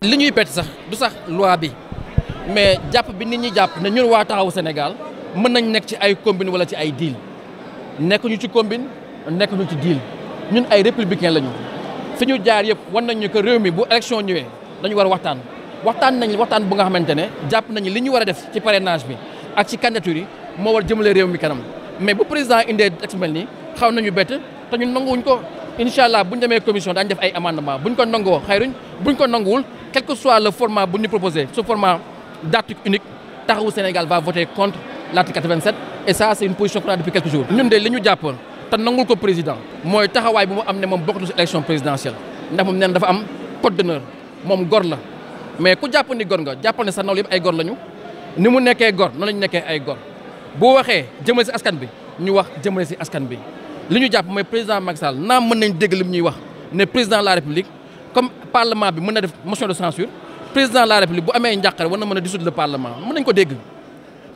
li ñuy bett sax du sax loi bi mais jàpp bi nit ñi jàpp ne ñun waa taxawu Sénégal mën nañ nekk ci ay combine wala ci ay deal nekkuñu ci combine nekkuñu ci deal ñun ay républicain lañu fi ñu jaar yëpp wan nañu que réew mi bu élection ñëwee dañu war a waxtaan waxtaan nañ waxtaan bu nga xamante ne jàpp nañu li ñu war a def ci parrainage bi ak ci candidature yi moo war jëmale réew mi kanam mais bu président indee texte mel nii xaw nañu bett te ñun nanguwuñ ko incha allah bu ñu demee commission daañu def ay amendement bu ñu ko nangoo xayruñ bu ñu ko nanguwul quel que soit le format bu ñu proposé ce format d'article unique taxawu Sénégal va voter contre l'article 87 et ça c'est une position qu'on a depuis quelques jours. ñun de li ñu jàpp te nangul ko président mooy taxawaay bu mu am ne moom bokkatu si élection présidentielle ndax moom nee na dafa am code d'honneur moom gor la mais ku jàpp ni gor nga jàppal sa nawle yëpp ay gor lañu ni mu nekkee gor noonu lañu nekkee ay gor bu waxee jëmale si askan bi ñu wax jëmale si askan bi. li ñu jàpp mooy président Macky Sall naam mën nañ dégg li ñuy wax ne président de la république comme parlement bi mën na def motion de censure président la république bu amee njàqare war na mën a dissoudre le parlement mën nañ ko dégg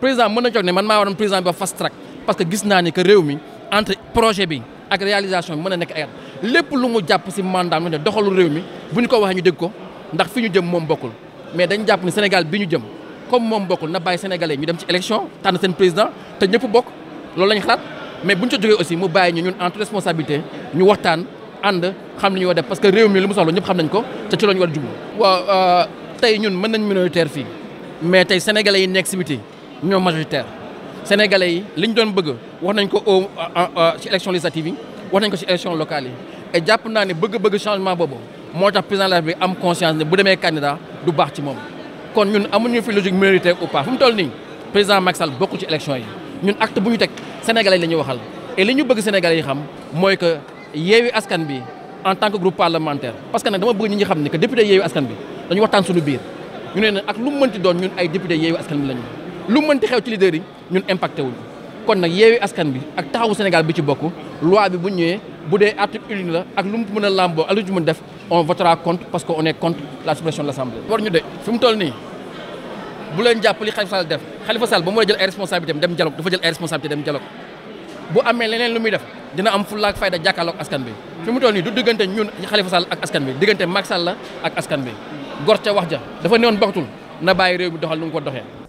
président mën na jox ne man maa waroon président bi ba fast track parce que gis naa ni que réew mi entre projet bi ak réalisation bi mën na nekk ay lépp lu mu jàpp si mandat mu ne doxalu réew mi bu ñu ko waxee ñu dégg ko ndax fi ñu jëm moom bokkul mais dañ jàpp ne Sénégal bi ñu jëm comme moom bokkul na bàyyi sénégalais ñu dem ci élection tànn seen président te ñëpp bokk loolu lañ xalaat mais bu ñu ca jógee aussi mu bàyyi ñu ñun en toute responsabilité ñu waxtaan ànd xam li ñu war def parce que réew mi li mu soxla ñëpp xam nañ ko te ci la ñu war a jublu. waaw euh, ñun mën nañ minoritaire fii mais tey sénégalais yi nekk si biti ñoo majoritaire sénégalais yi li ñu doon bëgg wax nañ ko au euh, euh, ci élection législative yi wax nañ ko ci élection locale yi. et jàpp naa ne bëgg-bëgg changement boobu moo tax président la bi am conscience ne bu demee candidat du baax ci moom kon ñun amuñu fi logique minoritaire ou pas fu mu toll nii président Macky Sall bokku ci élection yi ñun acte bu ñu teg. sénégalais la ñu waxal et li ñu bëgg sénégalais yi xam mooy que yeewi askan bi en tant que groupe parlementaire parce que nag dama bëgg ñi nga xam ne que député yeewi askan bi dañu waxtaan suñu biir ñu ne nag ak lu mënti doon ñun ay député yeewi askan bi la ñu lu mu mënti xew ci leader yi ñun impacté wuñu kon nag yeewi askan bi ak taxawu Sénégal bi ci bokk loi bi bu ñëwee bu dee article unique la ak lu mu mën a làmboo ak lu mu def on votera conte parce que on est contre la suppression de l'Assemblée war ñu de bu jàpp li Khalifa def Khalifa ba mu a jël ay responsabilités dem dialogue dafa jël ay responsabilités dem dialogue bu amee leneen lu muy def dina am fullaak fayda jàkkaarloog askan bi fi mu toll nii du diggante ñun Khalifa ak askan bi diggante Macky la ak askan bi gor ca wax ja dafa newoon bokkatul na bàyyi réew mi doxal nu mu ko doxee